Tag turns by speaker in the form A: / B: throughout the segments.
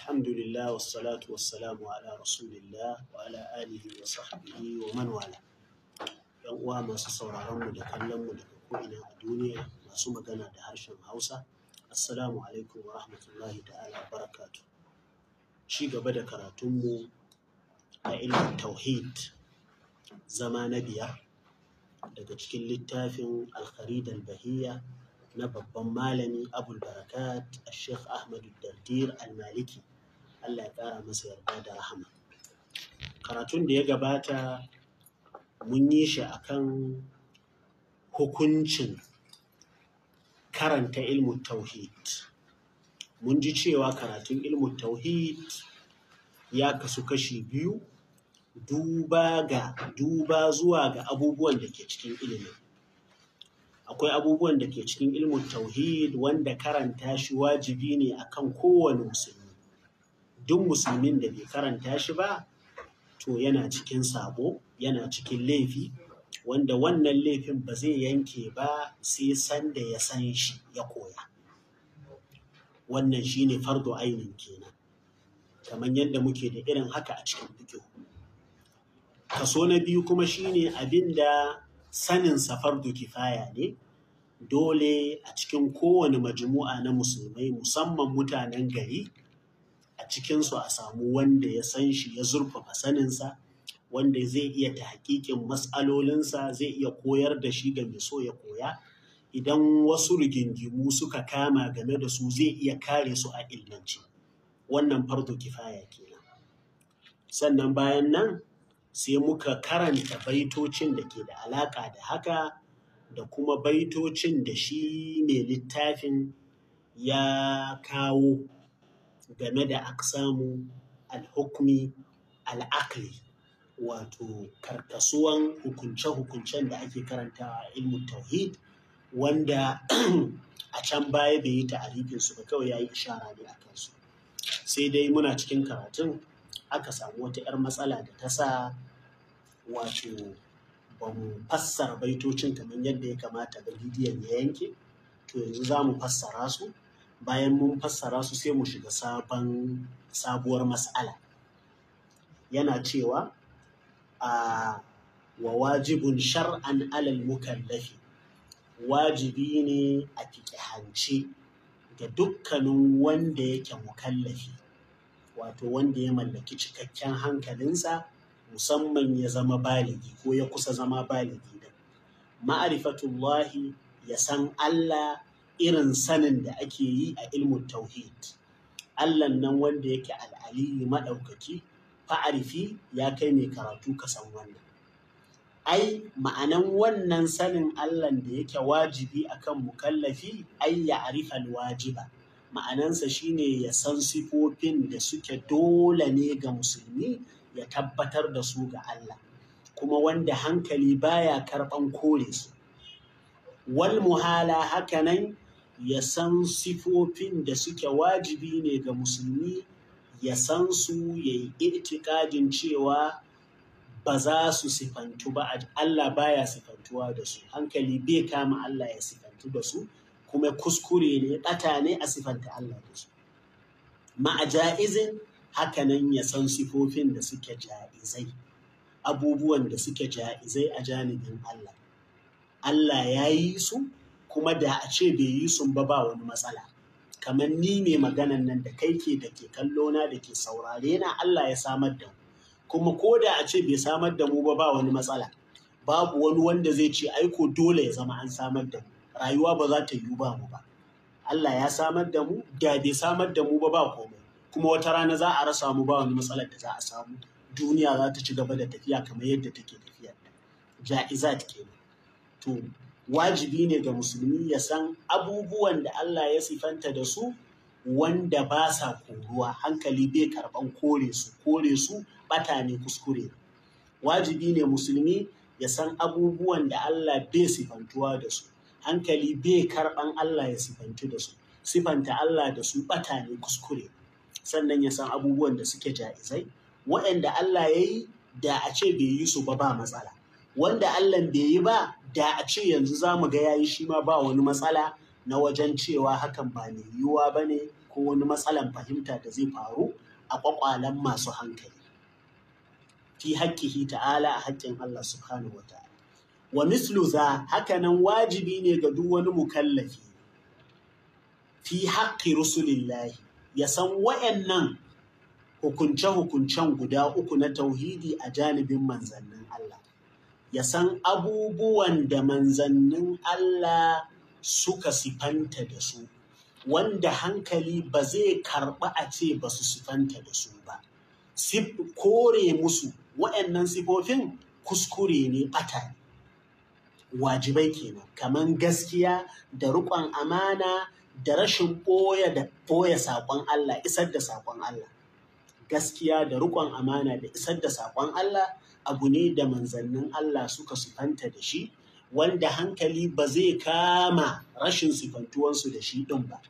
A: الحمد لله والصلاة والسلام على رسول الله وعلى آله وصحبه ومن والاه yan uwa masu sauraron mu da kallon mu daga ko'ina a duniya masu magana da harshen Hausa assalamu alaikum wa rahmatullahi ta'ala barakatu ci gaba da karatunmu a ilmin tauhid zama na biyar daga cikin littafin alkharidal bahiyya na babban malami abul barakat sheikh Ahmadu dardir al-maliki Allah ya ƙara masa yarda da rahama karatun da ya gabata mun yi shi akan hukuncin karanta ilmu tauhid mun ji cewa karatun ilmu tauhid ya kasu kashi biyu duba ga duba zuwa ga abubuwan da ke cikin ilimin akwai abubuwan da ke cikin ilmu tauhid wanda karanta shi wajibi ne akan kowane musulmi duk musulmin da bai karanta shi ba to yana cikin sabo yana cikin laifi wanda wannan laifin ba zai yanke ba sai sanda ya san shi ya koya wannan shine fardu ainin kenan kamar yadda muke da irin haka a cikin fikihu kaso na biyu kuma shine abinda sanin fardu kifaya ne dole a cikin kowane majmu'a na musulmai musamman mutanen gari cikinsu a samu wanda ya san shi ya zurfafa saninsa wanda zai iya ta hakikin matsalolinsa zai iya koyar da shi ga mai so ya koya idan wasu rigingimu suka kama game da su zai iya kare su a ilmanci wannan farto kifaya kenan sannan bayan nan sai muka karanta baitocin da ke da alaƙa da haka da kuma baitocin da shi mai littafin ya kawo game da aksamu alhukmi al'akli wato karkasuwan hukunce-hukuncen da ake karantawa ilmin tauhid wanda a can baya bai yi ta'arifin su ba kawai ya yi ishara ne a kansu sai dai muna cikin karatun aka samu wata 'yar matsala da ta sa wato ba mu fassara baitocin kamar yadda ya kamata ba bidiyon ya yanke to yanzu za mu fassara su bayan mun fassara su sai mu shiga sabon sabuwar mas'ala yana cewa a wa wajibun shar'an alal mukallafi wajibi ne a fiƙihance ga dukkanin wanda yake mukallafi wato wanda ya mallaki cikakken hankalinsa musamman ya zama baligi ko ya kusa zama baligi da ma'arifatullahi ya san Allah irin sanin da ake yi a ilmin tauhid allan nan wanda yake al'aliyu maɗaukaki fa'arifi ya kai mai karatu ka san wannan ai ma'anan wannan sanin allan da yake wajibi akan mukallafi ai ya arifal wajiba ma'anansa shine ya san sifofin da suke dole ne ga musulmi ya tabbatar da su ga Allah kuma wanda hankali baya karɓan kore su wal muhala hakanan ya san sifofin da suke wajibi ne ga musulmi ya san su ya yi irtikadin cewa ba za su sifantu ba Allah baya sifantuwa da su hankali bai kama Allah ya sifantu da su kuma kuskure ne ɓata ne a sifanta Allah da su ma'aja'izin hakanan ya san sifofin da suke ja'izai abubuwan da suke ja'izai a janibin Allah Allah ya yi su kuma da a ce bai yi sun ba wani matsala kamar ni mai maganan nan da kai ke da ke kallo na da ke saurare na Allah ya samar da mu kuma ko da a ce bai samar da mu ba ba wani matsala babu wani wanda zai ce aiko dole ya zama an samar da mu rayuwa ba za ta yiwu ba mu ba Allah ya samar da mu da bai samar da mu ba ba komai kuma wata rana za a rasa mu ba wani matsalar da za a samu duniya za ta ci gaba da tafiya kamar yadda take tafiya ja'izat kenan to wajibi ne ga musulmi ya san abubuwan da Allah ya sifanta da su wanda ba sa koruwa hankali bai karban kore su kore su bata ne kuskure wajibi ne musulmi ya san abubuwan da Allah bai sifantuwa da su hankali bai karban Allah ya sifantu da su sifanta Allah da su bata ne kuskure sannan ya san abubuwan da suke ja'izai waɗanda Allah ya yi da a ce bai yi su ba ba matsala wanda Allah bai yi ba da a ce yanzu za mu ga yayi shi ma ba wani matsala na wajen cewa hakan ba mai yiwuwa ba ne ko wani matsalan fahimta da zai faru a kwakwalen masu hankali fi haƙƙihi ta'ala a haƙƙin Allah subhanahu wa ta'ala wa mislu za hakanan wajibi ne ga duk wani mukallafi fi haƙƙi rusulillahi ya san wayannan hukunce-hukuncen guda uku na tauhidi a janibin manzannin Allah ya san abubuwan da manzannin Allah suka sifanta da su wanda hankali ba zai karɓa a ce ba su sifanta da su ba sif kore musu waɗannan sifofin kuskure ne ɓata wajibai kenan kamar gaskiya da riƙon amana da rashin ɓoye da ɓoye saƙon Allah isar da saƙon Allah gaskiya da riƙon amana da isar da saƙon Allah abu ne da manzannin Allah suka sufanta da shi wanda hankali ba zai kama rashin sifantuwansu da shi ɗin ba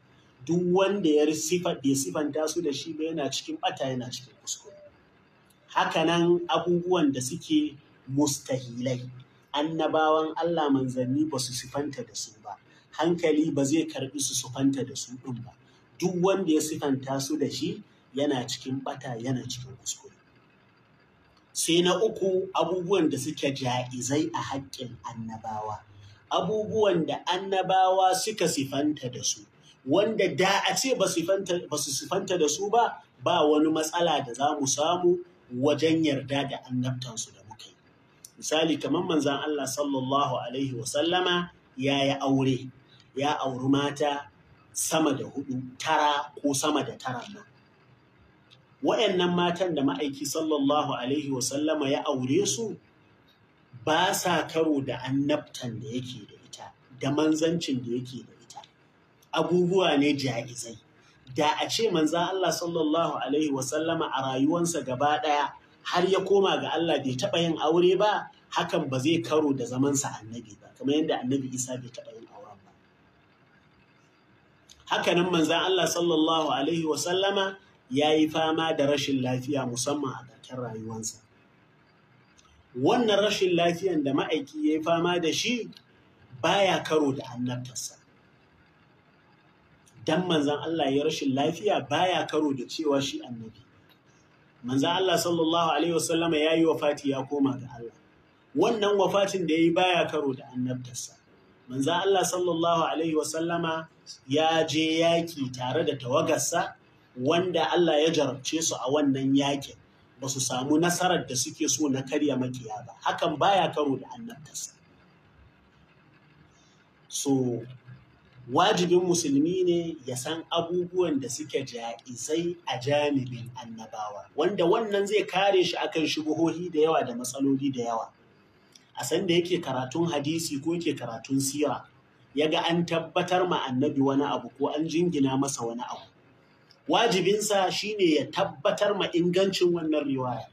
A: duk wanda ya sifanta su da shi ba yana cikin ɓata yana cikin kuskure hakanan abubuwan da suke mustahilai annabawan Allah manzanni ba su sifanta da su ba hankali ba zai karɓi su sufanta da su ɗin ba duk wanda ya sifanta su da shi yana cikin ɓata yana cikin kuskure sai na uku abubuwan da suke ja'izai a haƙƙin annabawa abubuwan da annabawa suka sifanta da su wanda da a ce ba su sifanta da su ba ba wani matsala da za mu samu wajen yarda da annabtansu da muka misali kamar manzan Allah sallallahu alaihi wasallama ya yi aure ya auri mata sama da hudu tara ko sama da tara nan Wayannan matan da ma'aiki sallallahu alaihi wasallama ya aure su ba sa karo da annabtan da yake da ita da manzancin da yake da ita abubuwa ne ja'izai da a ce manzan Allah sallallahu alaihi wasallama a rayuwansa gaba ɗaya har ya koma ga Allah bai taɓa yin aure ba hakan ba zai karo da zamansa annabi ba kamar yadda annabi isa bai taɓa yin aure ba hakanan manzan Allah sallallahu alaihi wasallama ya yi fama da rashin lafiya musamman a ƙarshen rayuwansa. Wannan rashin lafiyan da ma'aiki ya yi fama da shi baya karo da annabtarsa. Dan manzan Allah ya rashin lafiya baya karo da cewa shi annabi. Manzan Allah sallallahu Alaihi wasallama ya yi wafati ya koma ga Allah. Wannan wafatin da ya yi baya karo da annabtarsa. Manzan Allah sallallahu Alaihi wasallama ya je yaƙi tare da tawagarsa wanda Allah ya jarabce su a wannan yakin ba su samu nasarar da suke so na karya makiya ba hakan baya karo da annabtarsa so wajibin musulmi ne ya san abubuwan da suke ja'izai a janibin annabawa wanda wannan zai kare shi akan shubuhohi da yawa da matsaloli da yawa a san da yake karatun hadisi ko yake karatun sira ya ga an tabbatar ma annabi wani abu ko an jingina masa wani abu wajibinsa shine ya tabbatar ma ingancin wannan riwaya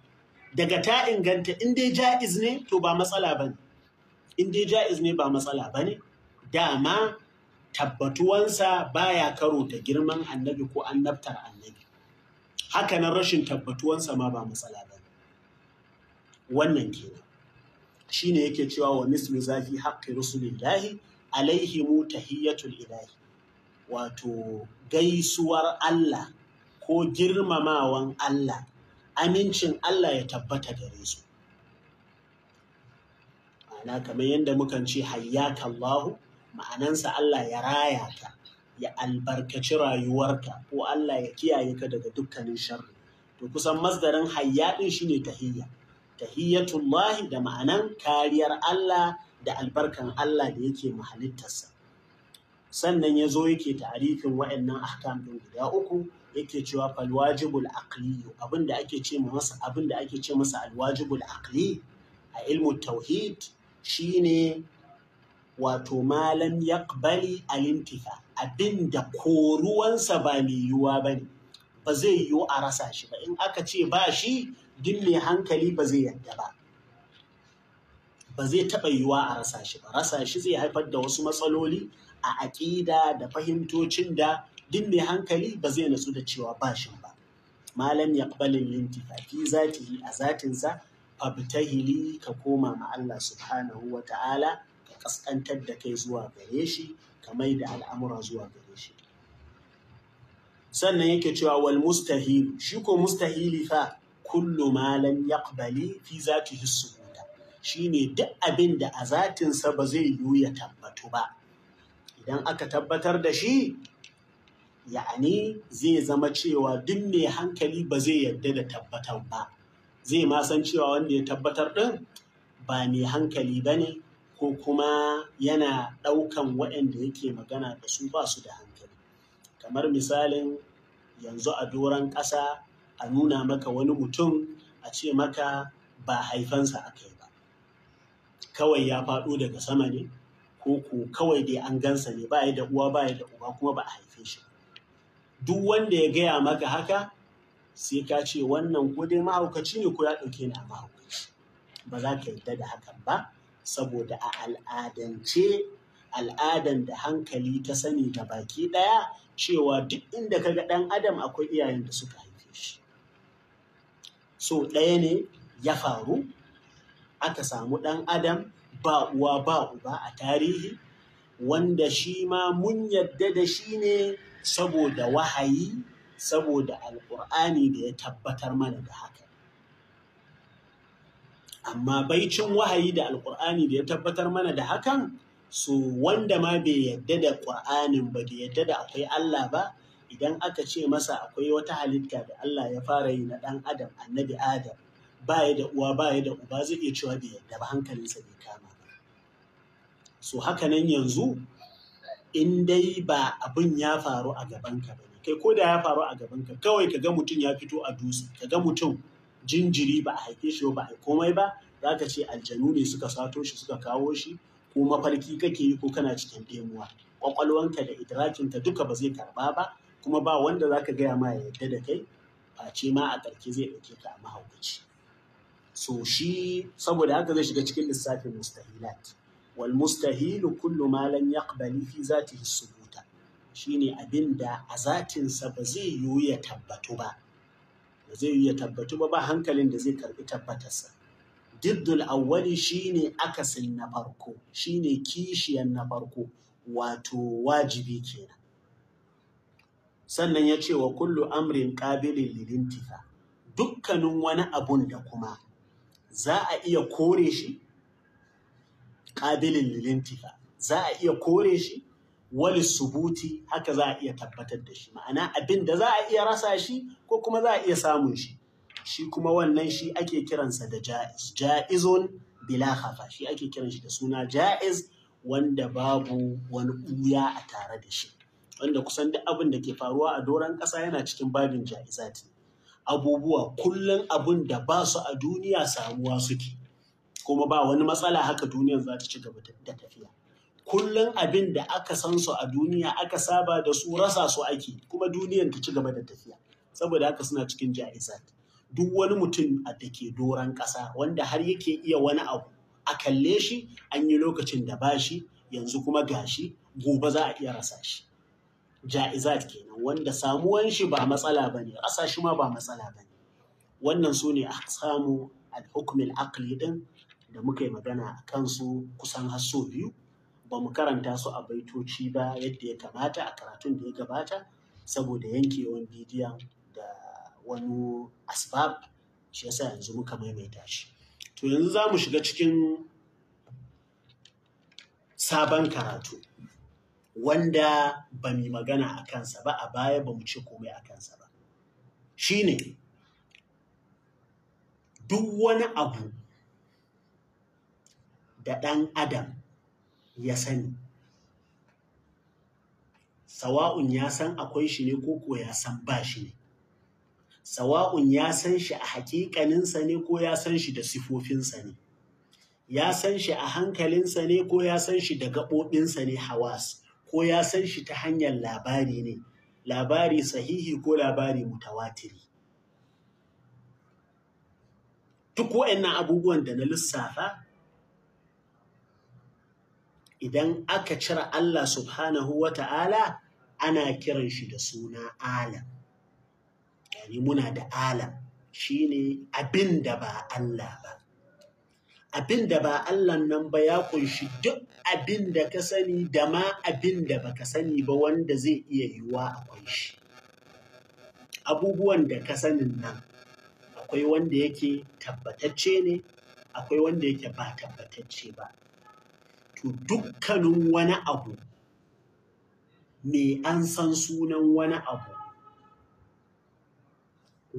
A: daga ta inganta in dai ja'iz ne to ba matsala bane in dai ja'iz ne ba matsala bane dama tabbatuwansa baya karo da girman annabi ko annabtar annabi hakanan rashin tabbatuwansa ma ba matsala bane wannan kenan shine yake cewa wa mislu zafi haqqi rasulillahi alaihi mu tahiyyatul ilahi wato gaisuwar Allah ko girmamawan Allah amincin Allah ya tabbata gare su ma'ana kamar yadda mukan ce hayyaka Allah ma'anansa Allah ya raya ka ya albarkaci rayuwarka ko Allah ya kiyaye ka daga dukkanin sharri to kusan masdarin hayya din shine tahiyya tahiyyatullahi da ma'anan kariyar Allah da albarkan Allah da yake mahalittarsa sannan ya zo yake ta'arifin wa'annan ahkam ɗin guda uku yake cewa falwajibul aqli abinda ake ce masa abinda ake ce masa alwajibul aqli a ilmu tauhid shine wato malam yaqbali alintifa abinda koruwansa ba mai yiwuwa bane ba zai yiwu a rasa shi ba in aka ce ba shi duk mai hankali ba zai yadda ba ba zai taɓa yiwuwa a rasa shi ba rasa shi zai haifar da wasu matsaloli a aƙida da fahimtocin da duk mai hankali ba zai natsu da cewa bashin ba malam yaqbalin za fi zatihi a zatinsa fabtahili ka koma ma Allah subhanahu wa ta'ala ka ƙasƙantar da kai zuwa gare shi ka mai da al'amura zuwa gare shi sannan yake cewa wal mustahilu shi ko mustahili fa kullu Malam ya yaqbali fi zatihi shi shine duk abin da a zatinsa ba zai yiwu ya tabbatu ba idan aka tabbatar da shi ya'ani zai zama cewa duk mai hankali ba zai yarda da tabbatar ba zai ma san cewa wanda ya tabbatar ɗin ba mai hankali ba ne ko kuma yana ɗaukan waɗanda yake magana da su ba su da hankali kamar misalin yanzu a doron ƙasa a nuna maka wani mutum a ce maka ba haifansa aka yi ba kawai ya faɗo daga sama ne ko ku kawai dai an gansa ne ba da uwa ba da uba kuma ba a haife shi duk wanda ya gaya maka haka sai ka ce wannan ko dai mahaukaci ne ko ya ɗauke ni a mahaukaci ba za ka yadda da hakan ba saboda a al'adance al'adan da hankali ta sani da baki ɗaya cewa duk inda ka ga ɗan adam akwai iyayen da suka haife shi so ɗaya ne ya faru aka samu ɗan adam ba uwa ba uba a tarihi wanda shi ma mun yadda da shi ne saboda wahayi saboda alƙur'ani da ya tabbatar mana da haka amma baicin wahayi da alƙur'ani da ya tabbatar mana da hakan so wanda ma bai yadda da ƙur'anin ba bai yadda da akwai Allah ba idan aka ce masa akwai wata halitta da Allah ya fara yi na ɗan adam annabi adam baya da uwa baya da uba zai iya cewa bai yadda ba hankalinsa bai kama so nan yanzu in dai ba abin ya faru a gabanka ba ne kai ko da ya faru a gabanka kawai ka ga mutum ya fito a dutse ka ga mutum jinjiri ba a haife shi ba a komai ba za ka ce aljanu ne suka sato shi suka kawo shi ko mafarki kake yi ko kana cikin demuwa kwakwalwanka da idrakinta duka ba zai karba ba kuma ba wanda za ka gaya ma ya yadda da kai face ma a ƙarke zai ɗauke ka a mahaukaci so shi saboda haka zai shiga cikin lissafin mustahilat wal mustahilu kullu ma lam yaqbali fi zatihi subuta shine abin da a zatinsa ba zai yiwu ya tabbatu ba ba zai yiwu ya tabbatu ba ba hankalin da zai karbi tabbatarsa diddul awwali shine akasin na farko shine kishiyan na farko wato wajibi kenan sannan ya ce wa kullu amrin qabilin lilintifa dukkanin wani abun da kuma za a iya kore shi qabilin lilintifa za a iya kore shi wali subuti haka za a iya tabbatar da shi ma'ana abin da za a iya rasa shi ko kuma za a iya samun shi shi kuma wannan shi ake kiransa da ja'iz ja'izun bila shi ake kiran shi da suna ja'iz wanda babu wani uya a tare da shi wanda kusan duk abin da ke faruwa a doron ƙasa yana cikin babin ja'izati abubuwa kullum abin da ba su a duniya samuwa suke kuma ba wani matsala haka duniyar za ta ci gaba da tafiya kullum abin da aka san su a duniya aka saba da su rasa su ake kuma duniyar ta ci gaba da tafiya saboda haka suna cikin ja'izat duk wani mutum a da ke doron ƙasa wanda har yake iya wani abu a kalle shi an yi lokacin da ba shi yanzu kuma gashi gobe za a iya rasa shi ja'izat kenan wanda samuwan shi ba matsala ba ne rasa shi ma ba matsala ba ne wannan su ne a samu al-hukmin aqli din da muka yi magana a kansu kusan har biyu ba mu karanta su a baitoci ba yadda ya kamata a karatun da ya gabata saboda yankewan bidiyon da wani asbab shi yasa yanzu muka maimaita shi to yanzu za mu shiga cikin sabon karatu wanda ba mu magana a kansa ba a baya ba mu ce komai a kansa ba shine duk wani abu da ɗan adam ya sani sawa'un ya san akwai shi ne ko ko ya san ba shi ne sawa'un ya san shi a hakikaninsa ne ko ya san shi da sifofinsa ne ya san shi a hankalinsa ne ko ya san shi da gaɓoɓinsa ne hawas ko ya san shi ta hanyar labari ne labari sahihi ko labari mutawatiri duk waɗannan abubuwan da na lissafa idan aka cire Allah subhanahu wa ta'ala ana kiran shi da suna alam yani muna da alam shine abin da ba Allah ba abin da ba Allah nan ba ya kunshi duk abin da ka sani da ma abin da baka sani ba wanda zai iya yiwuwa akwai shi abubuwan da ka sanin nan akwai wanda yake tabbatacce ne akwai wanda yake ba tabbatacce ba to dukkanin wani abu me an san sunan wani abu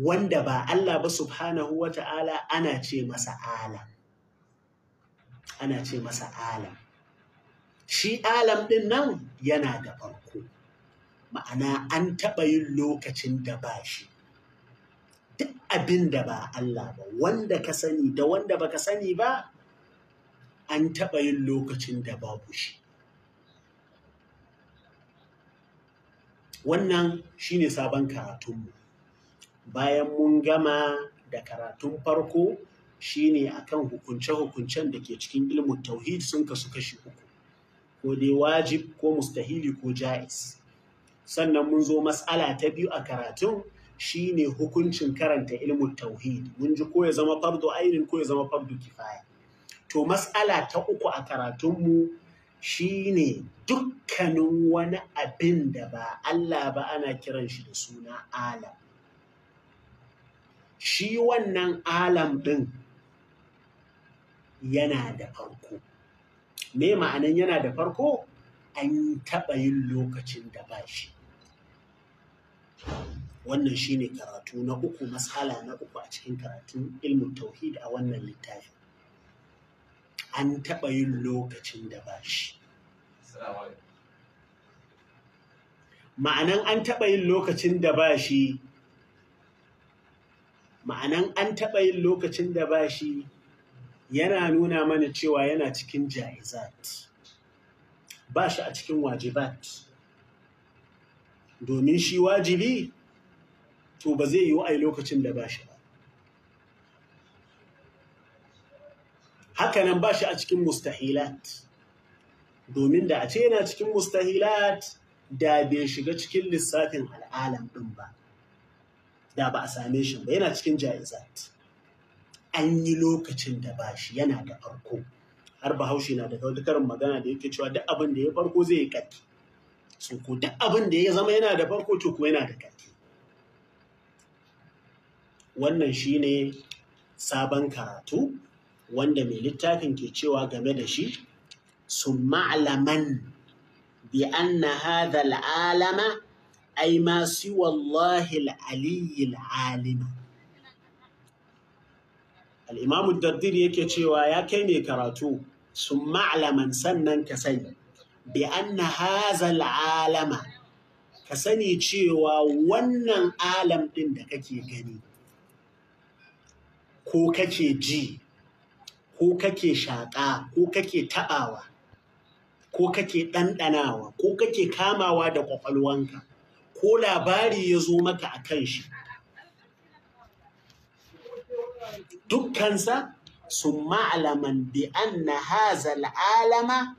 A: wanda ba Allah ba subhanahu wa ta'ala ana ce masa alam ana ce masa alam shi alam ɗin nan yana da farko ma'ana an taɓa yin lokacin da ba shi duk abin da ba Allah ba wanda ka sani da wanda baka sani ba an taɓa yin lokacin da babu shi wannan shine sabon karatunmu bayan mun gama da karatun farko shine akan hukunce-hukuncen da ke cikin ilmin tauhid sun kasu kashi uku ko dai wajib ko mustahili ko ja'iz. sannan mun zo matsala ta biyu a karatun shine hukuncin karanta ilmin tauhid mun ji ko ya zama fardu ainin ko ya zama fardu kifaya to matsala ta uku a karatunmu shi ne dukkanin wani abin da ba Allah ba ana kiran shi da suna alam shi wannan alam ɗin yana da farko me ma'anan yana da farko an taɓa yin lokacin da ba shi wannan shine karatu na uku mas'ala na uku a cikin karatun ilmin tauhid a wannan littafin an taɓa yin lokacin da ba shi ma'anan an taɓa yin lokacin da ba shi ma'anan an taɓa yin lokacin da ba shi yana nuna mana cewa yana cikin jaizat ba shi a cikin wajibat domin shi wajibi to ba zai yi wa'ai lokacin da ba shi hakanan ba shi a cikin mustahilat domin da a ce yana cikin mustahilat da bai shiga cikin lissafin al'alam ɗin ba da ba a same shi ba yana cikin jayizat an yi lokacin da ba shi yana da farko har bahaushe na da karin magana da yake cewa duk abin da ya farko zai yi ƙarfi so ko duk abin da ya zama yana da farko to ko yana da kaki wannan shine sabon karatu wanda mai littafin ke cewa game da shi su ma'alaman bi anna hadha al'alama ay ma siwa Allah al-aliyyi al daddir yake cewa ya kai mai karatu su ma'alaman sannan ka sani bi anna hadha al'alama ka sani cewa wannan alam din da kake gani ko kake ji ko kake shaƙa ko kake taɓawa ko kake ɗanɗanawa ko kake kamawa da ƙwaƙwalwanka ko labari ya zo maka a kan shi dukkansa sun ma'alaman bi na hazal alama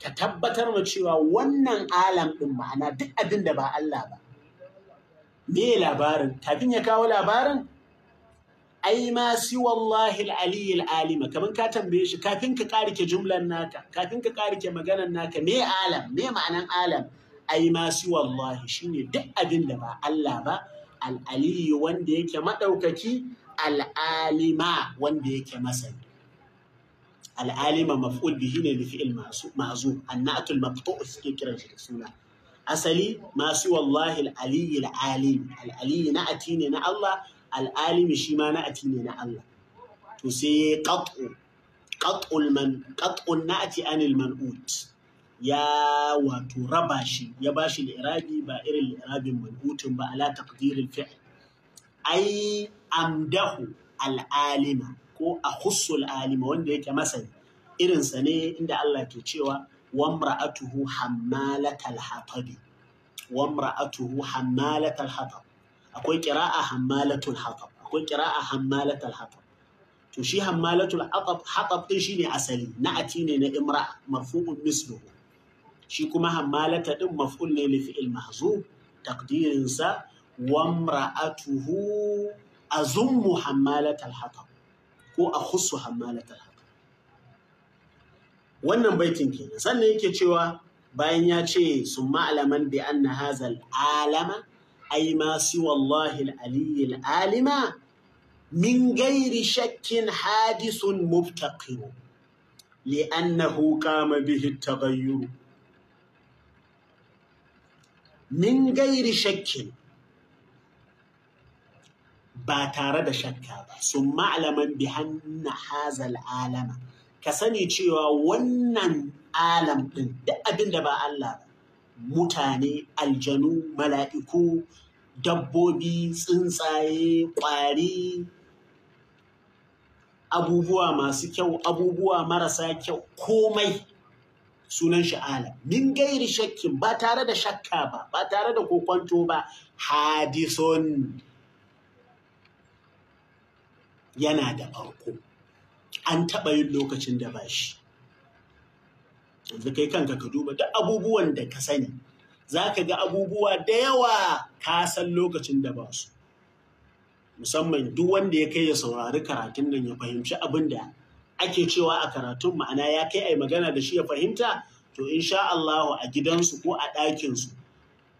A: ka tabbatar ma cewa wannan alam ɗin ma'ana duk abin da ba Allah ba me labarin kafin ya kawo labarin ai ma si Allahil aliyil alima kaman ka tambaye shi kafin ka karike jumlan naka kafin ka karike maganan naka me alam me ma'anan alam ai ma siwa Allah shine duk abin da ba Allah ba al aliyu wanda yake madaukaki al alima wanda yake masani al alima maf'ul bihi ne bi fi'il ma'zum annatul maqtu' suke kiran shi da suna asali ma siwa Allahil aliyil alim al aliyu na atine na Allah al'alimi shi ma na'ati ne na Allah to sai ya qat'u qat'ul man anil man'ut ya wato raba shi ya ba shi li'irabi ba irin li'irabin man'utun ba ala taqdiril fi'l ai amdahu al'alima ko a husu al'alima wanda yake masani irinsa ne inda Allah ke cewa wamra'atuhu hammalatal hatabi wamra'atuhu hammalatal hatab akwai qira'a hammalatul haqab akwai qira'a hammalatul haqab to shi hammalatul haqab hatab din shine asali na'ati ne na imra marfu'un misluhu shi kuma hammalata din maf'ul ne li fi'il mahzub taqdirin sa wa imra'atuhu azummu hammalatul haqab ko akhussu hammalatul haqab wannan baitin kenan sannan yake cewa bayan ya ce sun ma'alaman bi anna hazal alama ai ma siwallahi al-aliyyi alima min gairi shakkin hadisun mubtaqiru li'annahu qama bihi taghayyur min gairi shakkin ba tare da shakka ba sun ma'alaman bihanna hazal alama ka sani cewa wannan alam ɗin da abin da ba Allah ba mutane aljanu mala'iku dabbobi tsuntsaye ƙwari abubuwa masu kyau abubuwa marasa kyau komai sunan sha'ala. min gairi shakkin ba tare da shakka ba ba tare da kokwanto ba hadison yana da farko an taɓa yin lokacin da ba shi yanzu kai kanka ka duba duk abubuwan da ka sani za ka ga abubuwa da yawa ka san lokacin da ba su musamman duk wanda ya kai ya saurari karatun nan ya fahimci abin da ake cewa a karatun ma'ana ya kai a magana da shi ya fahimta to insha Allahu a gidansu ko a ɗakinsu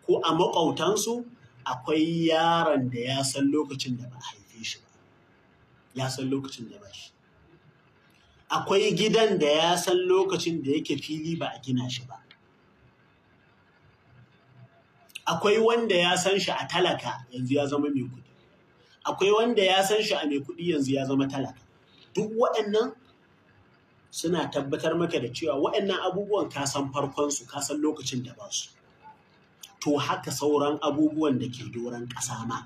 A: ko a maƙautansu akwai yaron da ya san lokacin da ba a haife shi ba ya san lokacin da ba shi akwai gidan da ya san lokacin da yake fili ba a gina shi ba akwai wanda ya san shi a talaka yanzu ya zama mai kuɗi akwai wanda ya san shi a mai kuɗi yanzu ya zama talaka duk waɗannan suna tabbatar maka da cewa waɗannan abubuwan ka san su, ka san lokacin da ba su to haka sauran abubuwan da ke doron ƙasa ma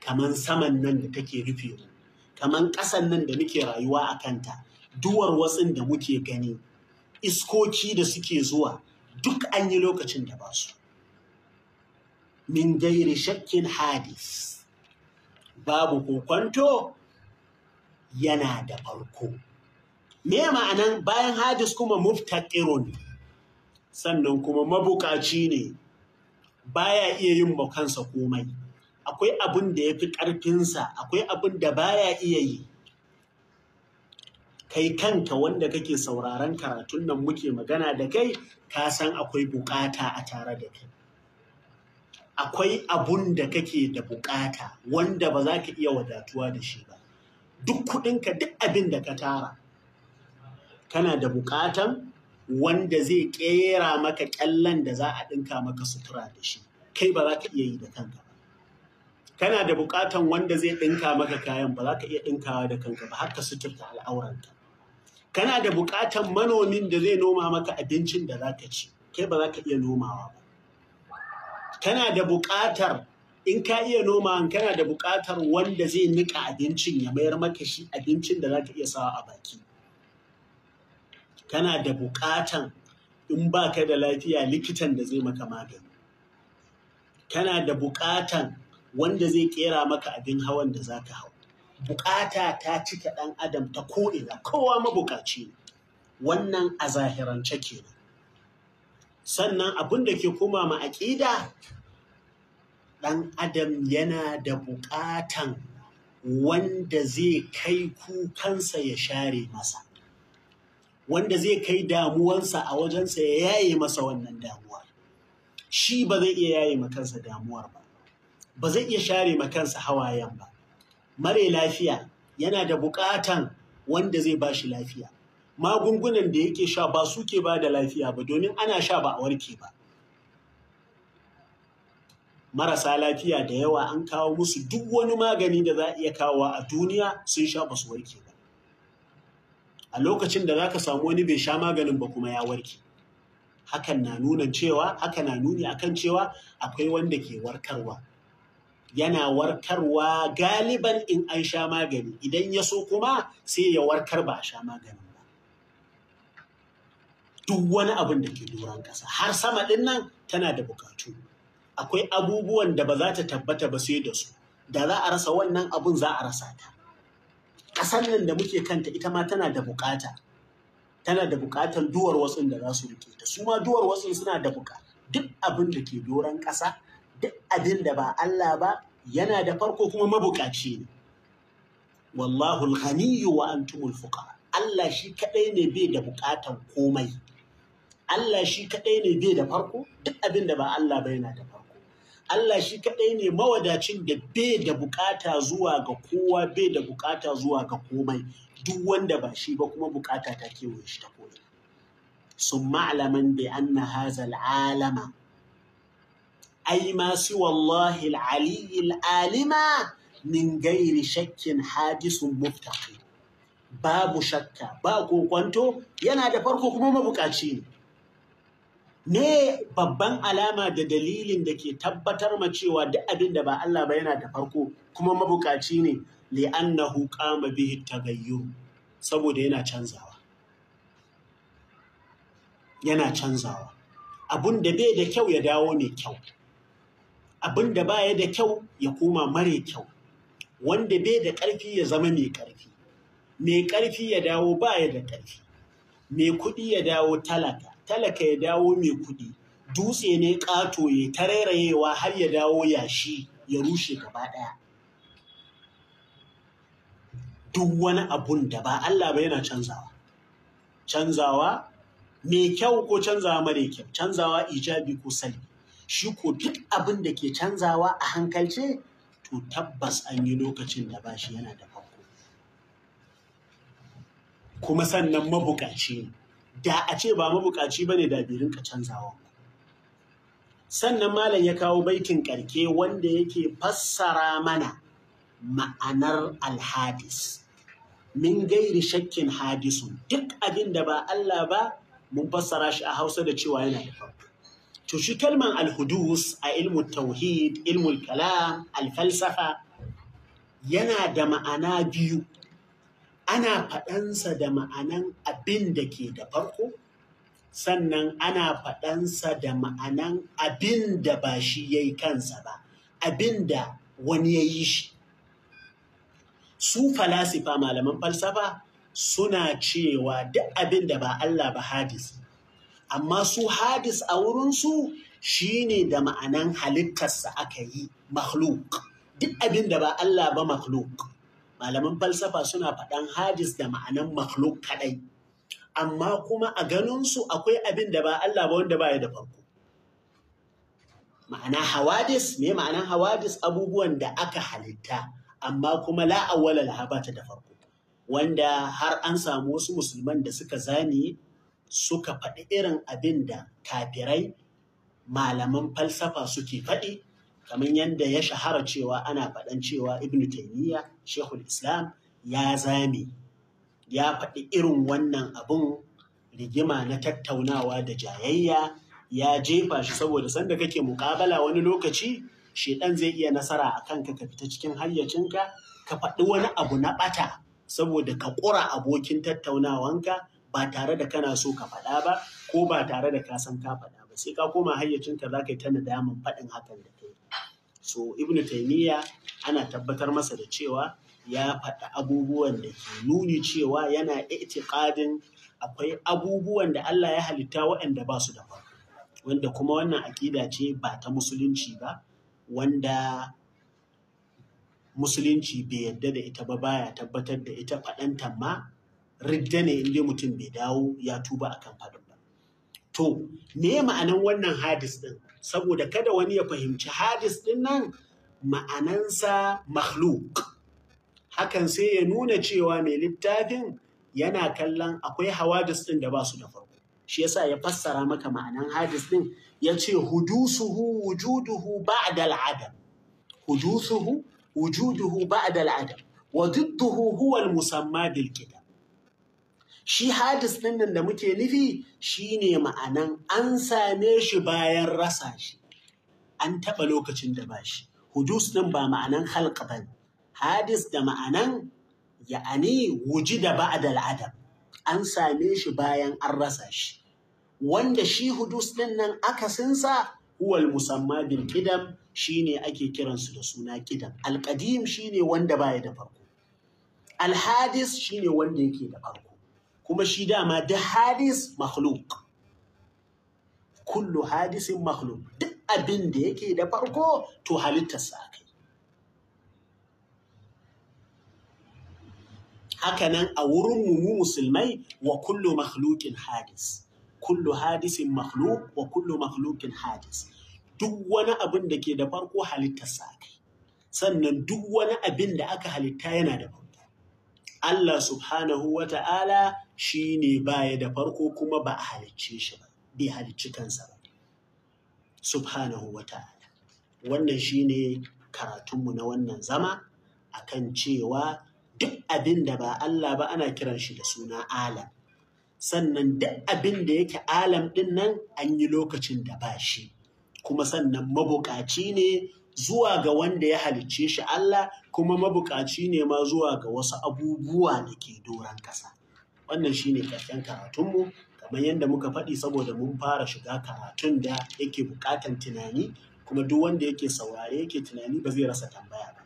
A: kaman saman nan da take rufe mu kaman ƙasan nan da muke rayuwa a kanta duwar watsin da muke gani iskoki da suke zuwa duk an yi lokacin da ba su min gairi shakkin hadis babu kokonto yana da farko me ma'anan bayan hadis kuma muftaqirun sannan kuma mabukaci ne baya iya yin kansa komai akwai abin da ya fi ƙarfinsa akwai abin da baya iya yi kai kanka wanda kake sauraron karatun nan muke magana da kai ka san akwai bukata a tare da kai akwai abun da kake da bukata wanda ba za ka iya wadatuwa da shi ba duk kuɗinka duk abin da ka tara kana da bukatan wanda zai kera maka kyallan da za a ɗinka maka sutura da shi kai ba za ka iya yi da kanka ba kana da bukatan wanda zai ɗinka maka kayan ba za ka iya ɗinkawa da kanka ba ka suturta al'auranka kana da buƙatar manomin da zai noma maka abincin da za ka ci kai ba za ka iya nomawa ba kana da buƙatar in ka iya noma kana da buƙatar wanda zai niƙa abincin ya mayar maka shi abincin da za ka iya sawa a baki kana da buƙatan in ba ka da lafiya likitan da zai maka magani kana da buƙatan wanda zai ƙera maka abin hawan da za ka hau bukata ta cike ɗan adam ta ko'ina kowa mabukaci wannan a zahirance kenan sannan abin da ke koma ma aƙida ɗan adam yana da buƙatan wanda zai kai kukansa ya share masa wanda zai kai damuwansa a wajensa ya yaye masa wannan damuwa shi ba zai iya yaye makansa damuwar ba ba zai iya share makansa hawayen ba mare lafiya yana da buƙatan wanda zai ba shi lafiya magungunan da yake sha ba su ke ba da lafiya ba domin ana sha ba a warke ba marasa lafiya da yawa an kawo musu duk wani magani da za a iya kawo a duniya sun sha ba su warke ba a lokacin da za ka samu wani bai sha maganin ba kuma ya warke hakan na nuna cewa haka na nuni akan cewa akwai wanda ke warkarwa yana warkarwa galiban in an sha magani idan ya so kuma sai ya warkar ba a sha maganin ba duk wani abin da ke doron ƙasa har sama ɗin nan tana da bukatu akwai abubuwan da ba za ta tabbata ba sai da su da za a rasa wannan abun za a rasa ta ƙasar nan da muke kanta ita ma tana da bukata tana da bukatar duwar watsin da za su rike ta su ma duwar watsin suna da buka duk abin da ke doron ƙasa duk abin da ba Allah ba yana da farko kuma mabukaci ne wallahu alghaniyyu wa antumul fuqara Allah shi kaɗai ne bai da bukatan komai Allah shi kaɗai ne bai da farko duk abin da ba Allah ba yana da farko Allah shi kaɗai ne mawadacin da bai da bukata zuwa ga kowa bai da bukata zuwa ga komai duk wanda ba shi ba kuma bukata ta kewaye shi ta komai sun ma'alaman bi anna hazal alama ai ma su wallahi al alima min gairi shakkin hadisun muftaki. babu shakka ba kokwanto yana da farko kuma mabukaci ne ne babban alama da dalilin da ke tabbatar ma cewa duk abin da ba Allah ba yana da farko kuma mabukaci ne li'annahu qama bihi gayyo. saboda yana canzawa yana canzawa abun da bai da kyau ya dawo mai kyau abin da baya da kyau ya koma mare kyau wanda bai da ƙarfi ya zama mai ƙarfi mai ƙarfi ya dawo ba ya da ƙarfi mai kuɗi ya dawo talaka talaka ya dawo mai kuɗi dutse ne ƙato ya tarairayewa har ya dawo yashi ya rushe gaba ɗaya duk wani abun da ba Allah ba yana canzawa canzawa mai kyau ko canzawa mare kyau canzawa ijabi ko salbi shi ko duk abin da ke canzawa a hankalce to tabbas an yi lokacin da bashi yana da farko kuma sannan mabukaci da a ce ba mabukaci ba ne da ka canzawa sannan malam ya kawo baitin karke wanda yake fassara mana ma'anar alhadis min gairi shakkin Hadisu, duk abin da ba Allah ba mun fassara shi a hausa da cewa yana da farko to shi kalman alhudus a ilmu tauhid ilmu kalam alfalsafa yana da ma'ana biyu ana faɗansa da ma'anan abin da ke da farko sannan ana faɗansa da ma'anan abin da ba shi ya yi kansa ba abin da wani ya yi shi su falasifa malaman falsafa suna cewa duk abin da ba Allah ba hadisi amma su hadis a wurinsu shine da ma'anan halittarsa aka yi makhluk duk abin da ba Allah ba makhluk malaman falsafa suna faɗan hadis da ma'anan makhluk kaɗai amma kuma a ganinsu akwai abin da ba Allah ba wanda ba ya da farko ma'ana hawadis me ma'anan hawadis abubuwan da aka halitta amma kuma la'awwala lahabata da farko wanda har an samu wasu musulman da suka zane suka faɗi irin abin da kafirai malaman falsafa suke faɗi kamar yadda ya shahara cewa ana faɗan cewa ibn taimiyya shehul islam ya zame ya faɗi irin wannan abun rigima na tattaunawa da jayayya ya jefa shi saboda sanda kake mukabala wani lokaci shedan zai iya nasara a kanka ka fita cikin hayyacinka ka faɗi wani abu na ɓata saboda ka ƙura abokin tattaunawanka ba tare da kana so ka faɗa ba ko ba tare da ka san ka faɗa ba sai ka koma hayyacinka za ka yi ta nadamin faɗin hakan da kai so ibnu taymiya ana tabbatar masa da cewa ya faɗi abubuwan da ke nuni cewa yana i'tiqadin akwai abubuwan da Allah ya halitta waɗanda ba su da farko wanda kuma wannan aƙida ce ba ta musulunci ba wanda musulunci bai yadda da ita ba baya tabbatar da ita faɗanta ma ridda ne inda mutum bai dawo ya tuba akan faɗin ba to me ma'anan wannan hadis ɗin saboda kada wani ya fahimci hadis ɗin nan ma'anansa makhluk hakan sai ya nuna cewa mai littafin yana kallon akwai hawadis ɗin da ba su da farko shi yasa ya fassara maka ma'anan hadis ɗin ya ce hudusuhu wujuduhu ba'da al'adam hudusuhu wujuduhu ba'da al'adam wa duk huwa al-musamma bil kitab shi hadis ɗin nan da muke nufi shine ma'anan an same shi bayan rasa shi an taɓa lokacin da ba shi hudus ɗin ba ma'anan halka ba hadis da ma'anan ya'ani wuji da ba'adal adam an same shi bayan an rasa shi wanda shi hudus ɗin nan akasinsa huwal musamma bil kidam shine ake kiransu da suna kidam alƙadim shine wanda baya da farko alhadis shine wanda yake da farko kuma shi dama da hadis makhluk kullu hadisin makhluk duk abin da yake da farko to halittarsa kai nan a wurin mu musulmai wa kullu maklukin hadis kullu hadisin makhluk wa kullu makhlukin hadis duk wani abin da ke da farko halittarsa kai sannan duk wani abin da aka halitta yana da farko Allah subhanahu wa ta'ala shi ne baya da farko kuma ba a halicce shi ba bai halicci kansa ba subhanahu wa ta'ala wannan shi ne karatunmu na wannan zama akan cewa duk abin da ba Allah ba ana kiran shi da suna alam sannan duk abin da yake alam ɗin nan an yi lokacin da ba shi kuma sannan mabukaci ne zuwa ga wanda ya halicce shi Allah kuma mabukaci ne ma zuwa ga wasu abubuwa da ke doron ƙasa. wannan shine karshen karatunmu kamar yadda muka faɗi saboda mun fara shiga karatun da yake buƙatan tunani kuma duk wanda yake saurare yake tunani ba zai rasa tambaya ba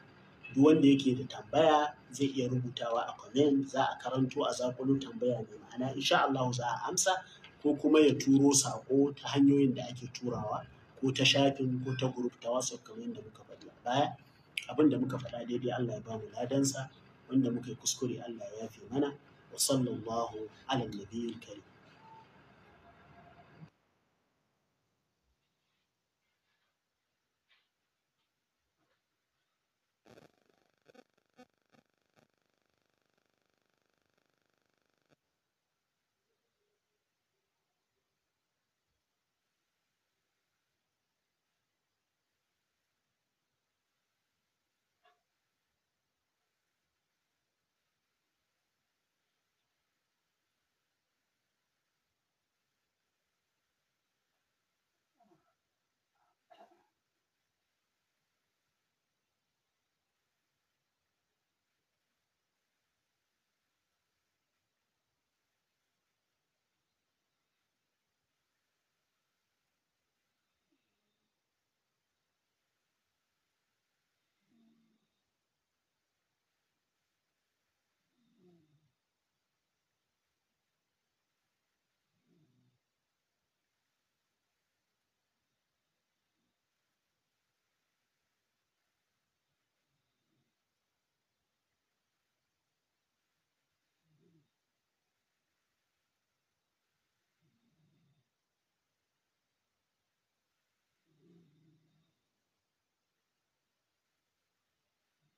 A: duk wanda yake da tambaya zai iya rubutawa a comment za a karanto a zakulo tambaya mai ma'ana insha Allah za a amsa ko kuma ya turo sako ta hanyoyin da ake turawa ko ta shafin ko ta group ta WhatsApp kamar yadda muka faɗi a baya abinda muka faɗa daidai Allah ya bamu ladansa wanda muka yi kuskure Allah ya yafe mana وصلى الله على النبي الكريم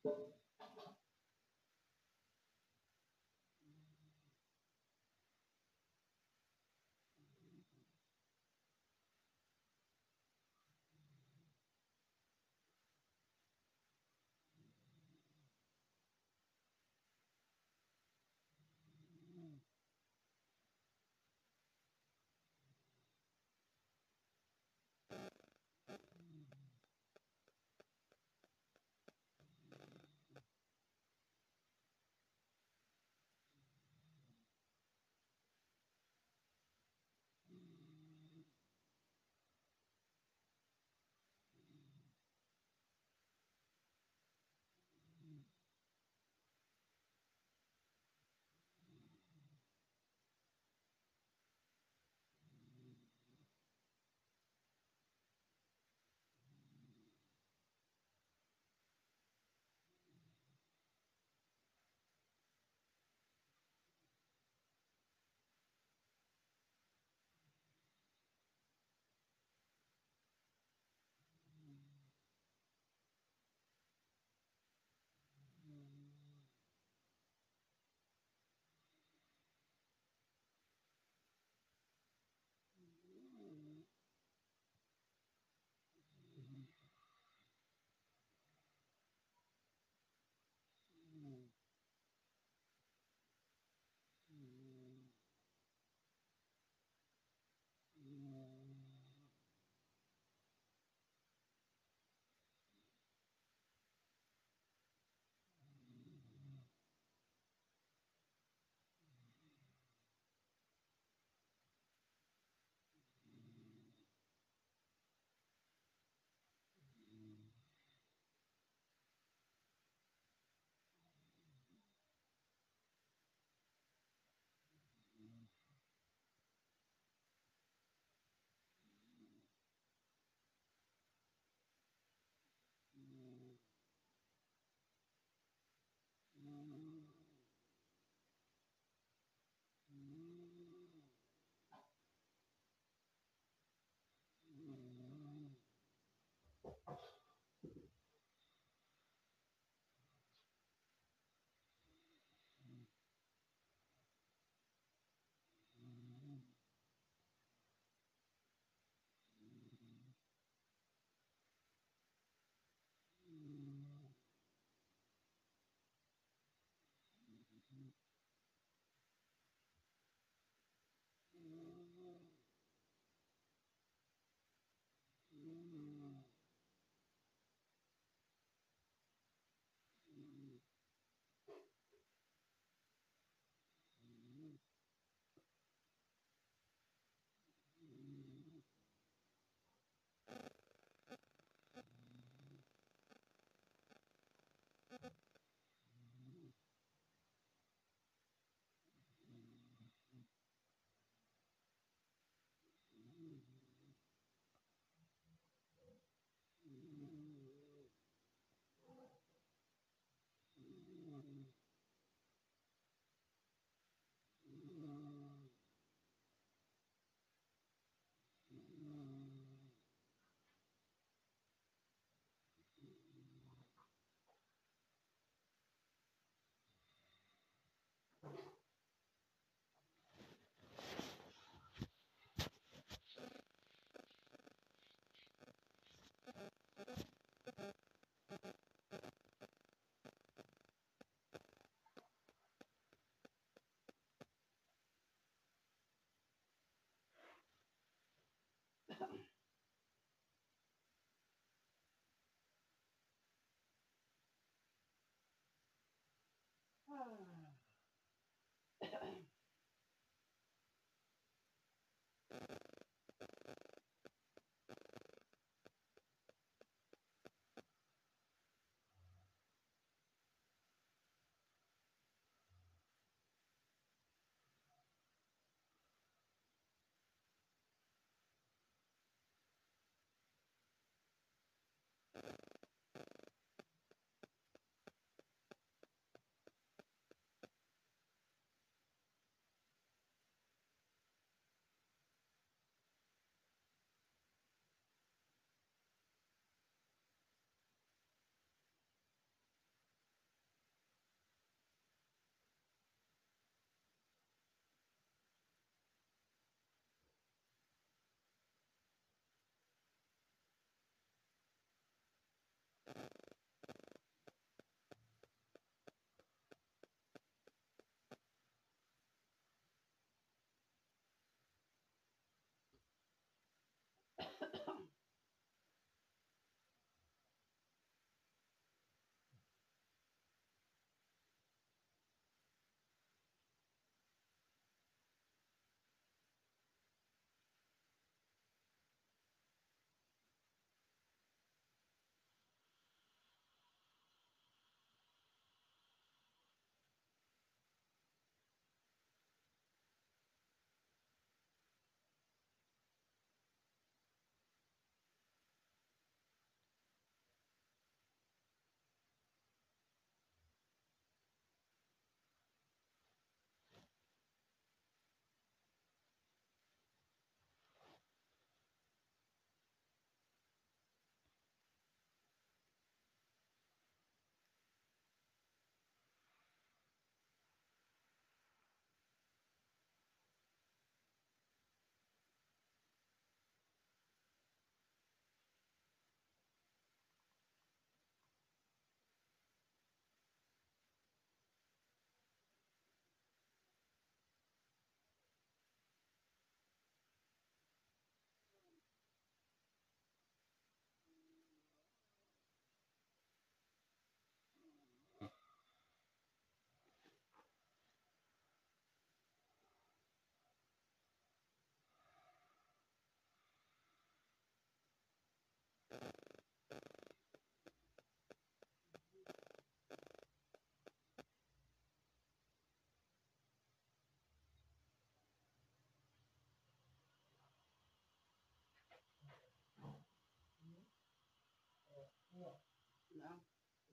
B: Thank you.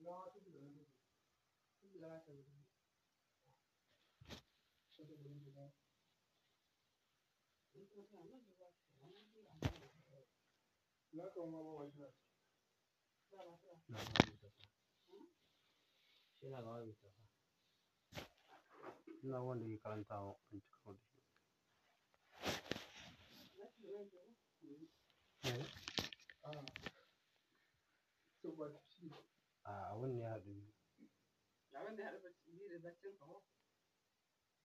B: 那什么？那什我给你干哎。啊。这么。A'a, abin da ya haɗu. Abin da ya haɗu da baccin ka ko?